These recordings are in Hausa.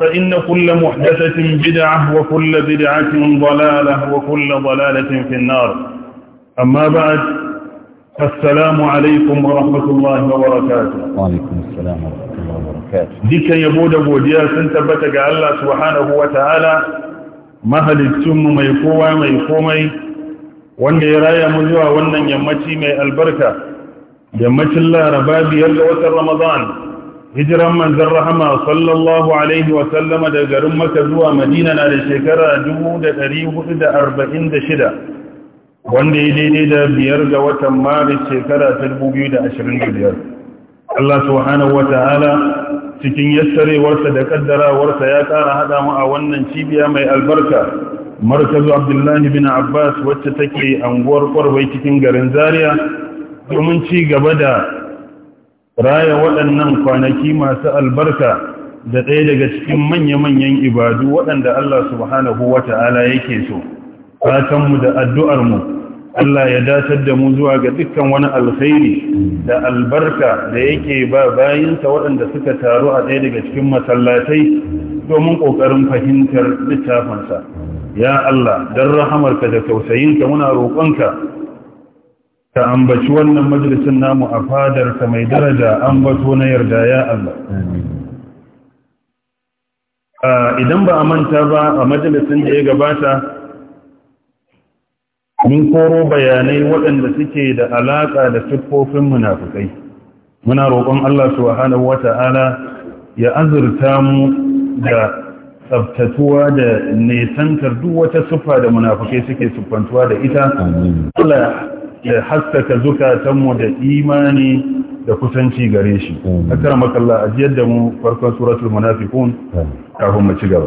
فإن كل محدثة بدعة وكل بدعة ضلالة وكل ضلالة في النار أما بعد السلام عليكم ورحمة الله وبركاته وعليكم السلام ورحمة الله وبركاته ديك يبود أبو دياس انت سنتبتك الله سبحانه وتعالى مهل السم ما يقوى ما ya raya mu zuwa wannan yammaci mai albarka yammacin laraba biyar ga watan ramadan hijiran manzan rahama sallallahu alaihi sallama da garin maka zuwa madina na da shekara 446 wanda ya daidai da biyar ga watan maris shekara 2025 Allah subhanahu wa ta'ala cikin yassarewarsa da kaddarawarsa ya kara haɗa mu a wannan cibiya mai albarka markazu abdullahi bin abbas wacce take anguwar kwarwai cikin garin zaria domin ci gaba da raya waɗannan kwanaki masu albarka da ɗaya daga cikin manya-manyan ibadu waɗanda Allah subhanahu wa ta'ala yake so fatanmu da addu'armu Allah ya datar da mu zuwa ga dukkan wani alkhairi da albarka da yake ba bayansa waɗanda suka taru a ɗaya daga cikin masallatai domin ƙoƙarin fahimtar littafinsa ya Allah don rahamarka da tausayinka muna roƙonka ka ambaci wannan majalisin namu a fadarka mai daraja ambato na yarda ya Allah idan ba a manta ba a majalisin da ya gabata mun koro bayanai waɗanda suke da alaƙa da siffofin munafukai muna roƙon Allah su wahana wata'ala ya azurta mu da tsabtatuwa da nesantar duk wata siffa da munafukai suke siffantuwa da ita ya haskaka zukatanmu da imani da kusanci gare shi akramakallah ajiyar da mu farkon suratul munafiqun kafin mu ci gaba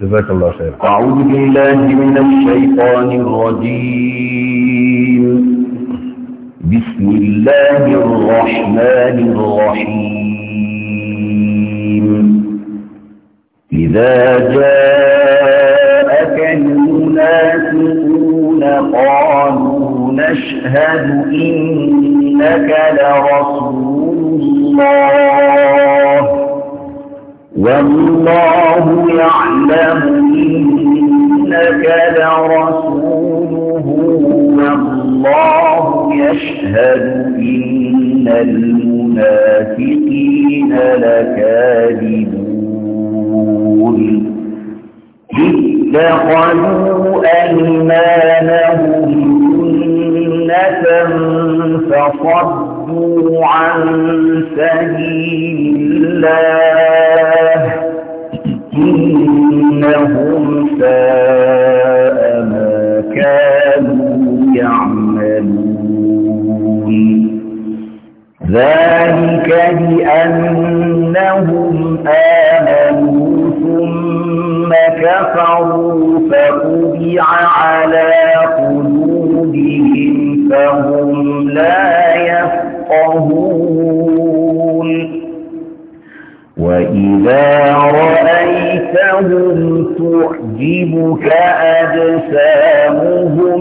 jazakallahu khair a'udhu billahi minash shaitanir rajim bismillahir rahmanir rahim idza ja'aka al-munafiquna qalu نشهد إنك لرسول الله والله يعلم إنك لرسوله والله يشهد إن المنافقين لكاذبون اتخذوا أيمان وصدوا عن سبيل الله إنهم ساء ما كانوا يعملون ذلك بأنهم آمنوا ثم كفروا فطبع على قلوبهم فهم إذا رأيتهم تعجبك أجسامهم